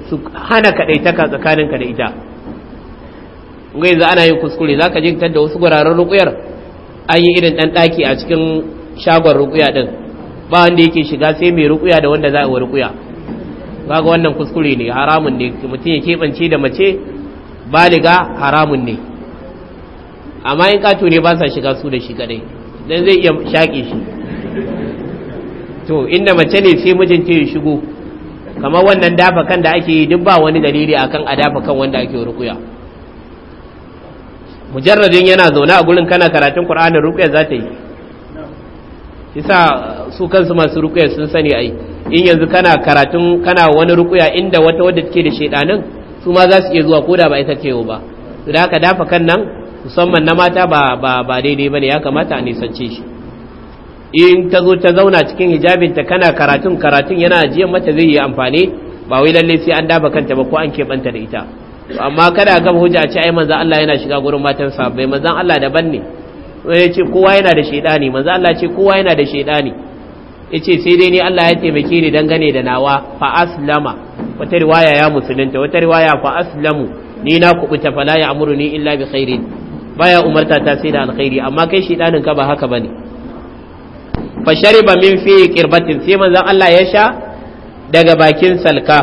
su hana kaɗaitaka tsakaninka da ita ga yanzu ana yin kuskure za ka jinta da wasu guraren rukuyar an yi irin ɗan ɗaki a cikin shagon rukuya ɗin ba wanda yake shiga sai mai rukuya da wanda za a wa rukuya kaga wannan kuskure ne haramun ne mutum ya keɓance da mace baliga haramun ne amma in kato ne ba sa shiga su da shi kadai dan zai iya shaƙe shi to inda mace ne sai mijinta ya shigo kamar wannan dafa kan da ake yi duk ba wani dalili akan a dafa kan wanda ake rukuya mujarradin yana zaune a gurin kana karatun qur'anin rukuya za ta yi isa su kansu masu rukuya sun sani ai in yanzu kana karatun kana wani rukuya inda wata wadda take da shedanin su ma za su iya zuwa koda ba ita ce ba su da haka dafa kan nan musamman na mata ba daidai ba ne. ya kamata a nisance shi in ta zo ta zauna cikin hijabinta kana karatun karatun yana ajiyar mata zai yi amfani ba wai lalle sai an dafa kanta ba ko an keɓanta da ita amma kada ga hujja ce ai manzo Allah yana shiga gurin matan sa, bai manzo Allah daban ne sai ce kowa yana da sheidani manzo Allah ce kowa yana da sheidani yace sai dai ni Allah ya taimake ni dangane da nawa fa aslama wata riwaya ya musulunta wata riwaya fa aslamu ni na kubuta fala ya amuru ni illa bi khairin baya umarta ta sai da alkhairi amma kai danin ka ba haka bane fa shariba min fi qirbatin sai manzon Allah ya sha daga bakin salka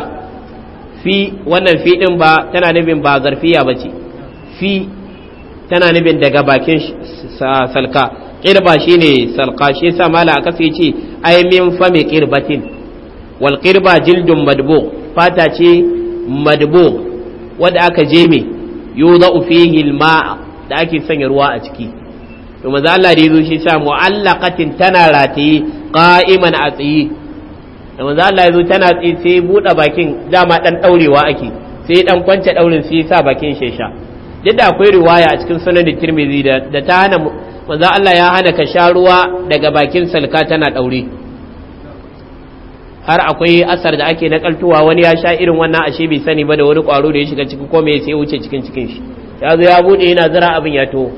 fi wannan fi din ba tana nufin ba zarfiya bace fi tana nufin daga bakin salka qirba shine salka shi sa mala aka sai ce ay min fami qirbatin wal qirba jildun madbu fata ce madbu wanda aka jeme yuza fihi al hilma. da ake sanya ruwa a ciki to maza Allah da yazo shi sa mu'allaqatin tana rataye qa'iman a tsaye da maza Allah yazo tana tsaye sai buɗe bakin dama dan daurewa ake sai dan kwance daurin sai sa bakin shesha duk da akwai riwaya a cikin sunan Tirmidhi da ta hana maza Allah ya hana ka sha ruwa daga bakin salka tana daure har akwai asar da ake nakaltuwa wani ya sha irin wannan ashe bai sani ba da wani kwaro da ya shiga ciki ko me sai wuce cikin cikin shi ya zo ya bude yana zira abin ya to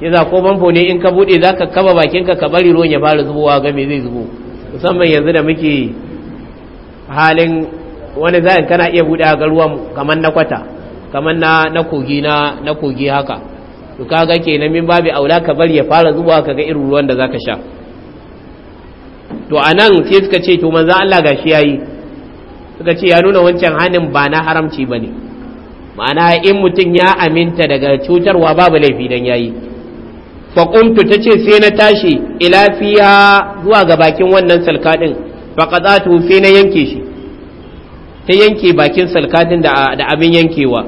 shi za ko famfo ne in ka bude za ka kaba bakinka ka bari ruwan ya fara zubowa ga me zai zubo musamman yanzu da muke halin wani za'in kana iya bude ga ruwa kamar na kwata kamar na na kogi na na kogi haka to kaga kenan min babu aula ka bari ya fara zubowa ga irin ruwan da zaka sha to anan sai suka ce to manzo Allah gashi yayi suka ce ya nuna wancan hanin ba na haramci bane ma'ana in mutum ya aminta daga cutarwa babu laifi don ya yi. faƙuntu ta ce sai na tashi ila zuwa ga bakin wannan salkadin faƙa za ta sai na yanke shi ta yanke bakin salkadin da abin yankewa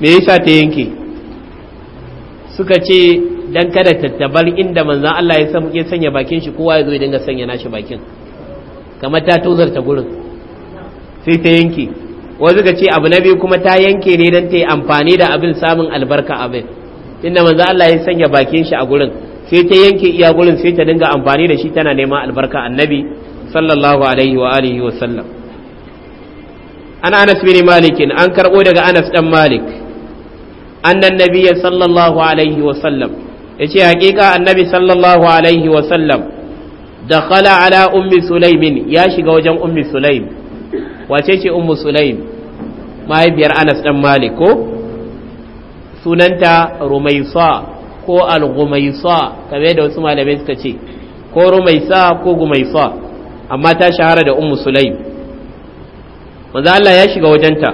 me yasa ta yanke suka ce don kada tattabar inda manzan Allah ya sanya bakin shi kowa ya zo dinga sanya nashi bakin kamar ta tozarta gurin sai ta yanke wasu ga ce abu na biyu kuma ta yanke ne don ta yi amfani da abin samun albarka abin inda manzo Allah ya sanya bakin shi a gurin sai ta yanke iya gurin sai ta dinga amfani da shi tana neman albarka annabi sallallahu alaihi wa alihi wa sallam an anas bin malik an karbo daga anas dan malik annan nabiyya sallallahu alaihi wa sallam yace hakika annabi sallallahu alaihi wa sallam dakhala ala ummi sulaimin ya shiga wajen ummi sulaim wace ce ummu sulaim mahaifiyar anas dan malik ko sunanta rumaisa ko al-gumaisa kame da wasu malamai suka ce ko rumaisa ko gumaisa amma ta shahara da ummu sulaim manzo Allah ya shiga wajenta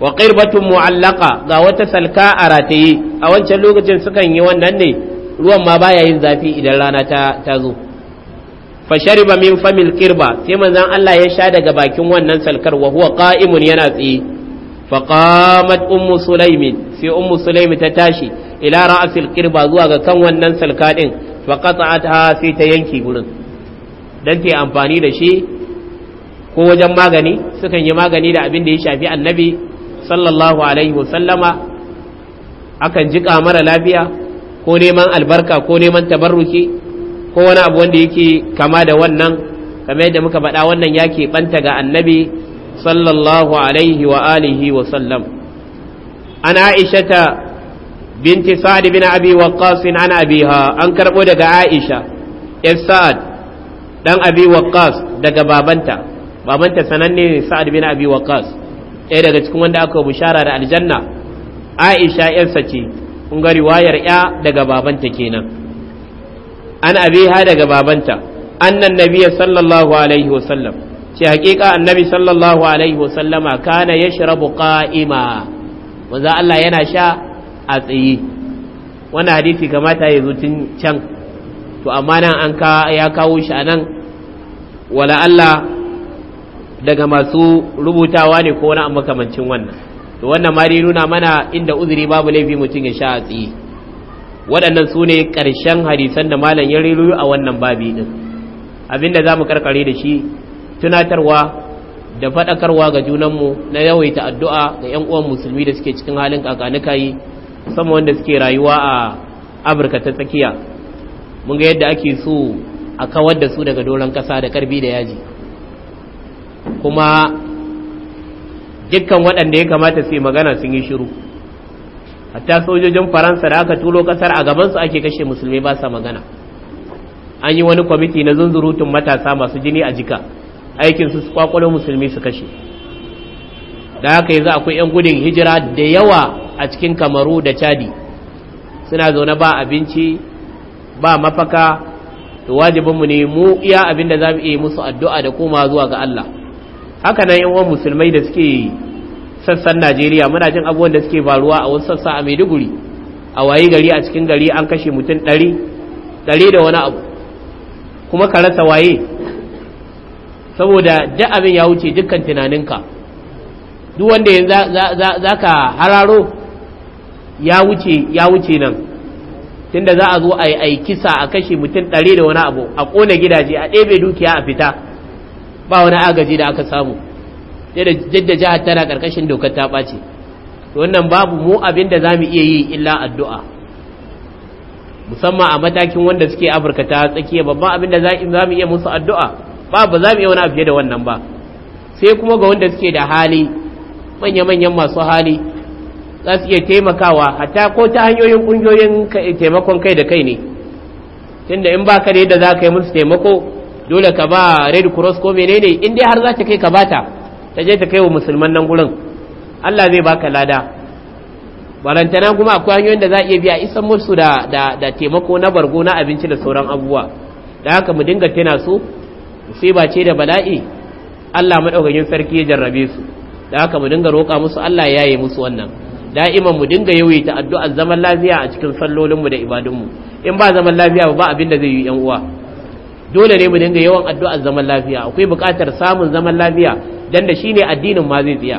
wa qirbatun mu'allaqa ga wata salka a rataye a wancan lokacin sukan yi wannan ne ruwan ma baya yin zafi idan rana ta zo fashariba min famil kirba sai manzan Allah ya sha daga bakin wannan salkar wa huwa qa'imun yana tsaye fa qamat ummu sulaimin sai ummu sulaimi ta tashi ila ra'sil kirba zuwa ga kan wannan salka din fa qata'atha sai ta yanke gurin dan ta amfani da shi ko wajen magani sukan yi magani da abin da ya shafi annabi sallallahu alaihi wasallama akan jika mara lafiya ko neman albarka ko neman tabarruki ko wani abu wanda yake kama da wannan kama yadda muka faɗa wannan ya keɓanta ga annabi sallallahu alaihi wa alihi wa sallam an ta binti sa'ad bin abi waqqas an abiha an karbo daga aisha yar sa'ad dan abi Waqas daga babanta babanta sananne ne sa'ad bin abi Waqas, ɗaya daga cikin wanda aka bushara da aljanna aisha yarsa ce kun ga riwayar ya daga babanta kenan an abiha daga babanta annan nabi sallallahu alaihi wasallam ce hakika annabi sallallahu alaihi wasallama kana yashrabu qa'ima manzo Allah yana sha a tsaye wannan hadisi kamata ya zo tun can to amma nan an ya kawo shi anan wala Allah daga masu rubutawa ne ko wani makamancin wannan to wannan ma dai nuna mana inda uzuri babu laifi mutum ya sha a tsaye waɗannan su ne ƙarshen hadisan da malam ya riru a wannan babi ɗin abinda za mu karkare da shi tunatarwa da faɗakarwa ga junanmu na yawaita addu'a ga 'yan uwan musulmi da suke cikin halin kakanuka yi sama wanda suke rayuwa a afirka ta tsakiya mun ga yadda ake so a kawar da su daga doron ƙasa da ƙarfi da yaji kuma dukkan waɗanda ya kamata su yi magana sun yi shiru hatta sojojin faransa da aka tulo kasar a gabansu ake kashe musulmi ba sa magana an yi wani kwamiti na zunzurutun matasa masu jini a jika aikinsu su kwakwalo musulmi su kashe da haka yanzu akwai 'yan gudun hijira da yawa a cikin kamaru da chadi suna zaune ba abinci ba mafaka to wajibinmu ne mu iya abin da za mu iya musu addu'a da koma zuwa ga Allah haka nan 'yan musulmai da suke sassan najeriya muna jin abubuwan da suke faruwa a wasu sassa a maiduguri a wayi gari a cikin gari an kashe mutum ɗari ɗari da wani abu kuma ka rasa waye saboda duk abin ya wuce dukkan tunaninka duk wanda za ka hararo ya wuce ya wuce nan tunda za a zo a yi kisa a kashe mutum ɗari da wani abu a ƙona gidaje a ɗebe dukiya a fita ba wani agaji da aka samu yadda jihar tana karkashin dokar ta ɓace wannan babu mu abin da za mu iya yi illa addu'a musamman a matakin wanda suke afirka ta tsakiya babban abin da za mu iya musu addu'a babu ba za mu iya wani abu da wannan ba sai kuma ga wanda suke da hali manya-manyan masu hali za su iya taimakawa hatta ko ta hanyoyin ƙungiyoyin taimakon kai da kai ne tunda in ba ka da yadda za ka yi musu taimako dole ka ba red cross ko menene in dai har za ta kai ka bata ta je ta kai wa musulman nan gurin Allah zai baka lada barantana kuma akwai hanyoyin da za a iya biya isan musu da da taimako na bargo na abinci da sauran abubuwa da haka mu dinga tana su ba ce da bala'i Allah madaukakin sarki ya jarrabe su da haka mu dinga roƙa musu Allah ya yi musu wannan da'iman mu dinga yawaita addu'ar zaman lafiya a cikin sallolin mu da ibadun mu in ba zaman lafiya ba abin da zai yi yan uwa dole ne mu dinga yawan addu'ar zaman lafiya akwai buƙatar samun zaman lafiya dan da shine addinin ma zai tsaya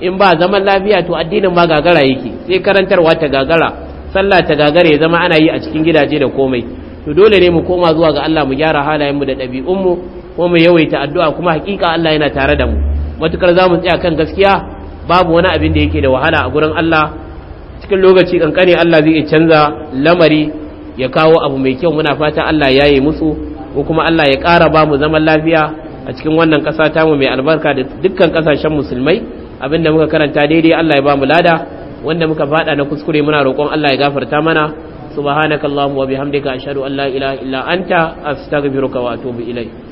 in ba zaman lafiya to addinin ma gagara yake sai karantarwa ta gagara sallah ta gagara ya zama ana yi a cikin gidaje da komai to dole ne mu koma zuwa ga Allah mu gyara halayen mu da ɗabi'un mu ko mu yawaita addu'a kuma hakika Allah yana tare da mu matukar zamu tsaya kan gaskiya babu wani abin da yake da wahala a gurin Allah cikin lokaci kankane Allah zai canza lamari ya kawo abu mai kyau muna fata Allah ya yi musu ko kuma Allah ya ƙara ba mu zaman lafiya a cikin wannan ƙasa tamu mai albarka da dukkan ƙasashen musulmai abinda muka karanta daidai Allah ya ba mu lada wanda muka faɗa na kuskure muna roƙon Allah ya gafarta mana subhanakallahumma wa bihamdika ashhadu an la ilaha illa anta astaghfiruka wa atubu ilayk